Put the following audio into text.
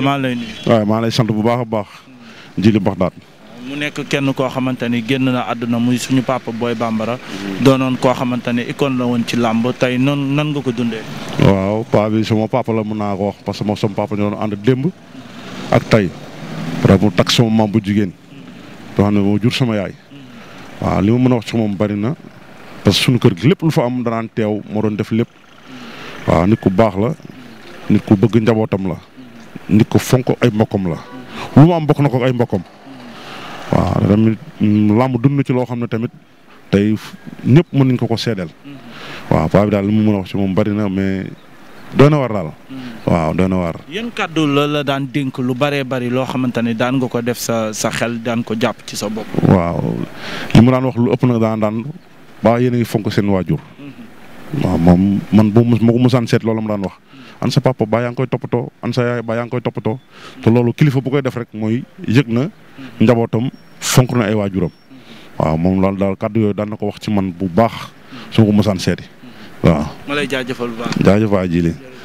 maa lay nuyu. waaw maa lay sant bu baax a baax. Djily Bagdad. mu nekk kenn koo xamante ni génn na àdduna muy suñu papa Boy Bambara. doonoon koo xamante ne icône woon ci làmb tey noonu nan nga ko dundee. waaw paa bi sama papa la mën naa ko wax parce que moom sama papa ñoo doon ànd démb ak tey pare mu takk sama maam bu jigéen. doo xam ne moo jur sama yaay. waaw li ma mën a wax ci moom bari na parce que suñu kër gi lépp lu fa am danaan teew moo doon def lépp. waaw nit ku baax la. nit ku bëgg njabootam la. nit ko fonk ay mbokkam la lu ma am bokk na ko ay mbokkam waaw tamit mm, làmb dund ci loo xam ne tamit tey ñëpp mën nañ ko ko seedeel waaw paa bi daal li mu mën a wax ci moom bari na mais doy na war daal. Mm. waaw doy na war. yan kàddu la la daan dénk lu bëree bari loo xamante ne daan nga ko def sa sa xel daan ko jàpp ci sa bopp. waaw li mu daan wax lu ëpp na daan daan ba yéen fonk seen waajur. Mm-hmm. waaw moom man bu ma ko musaan seet loolu mu daan wax an sa papa baa yaa ngi koy toppatoo an sa yaay toppatoo te loolu kilifa bu koy def rek mooy yëg na njabootam fonk na ay waajuram waaw moom loolu daal kàddu yooyu daan na ko wax ci man bu baax su ma ko musaan seeti waaw. ma lay jaajëfal bu baax jaajëf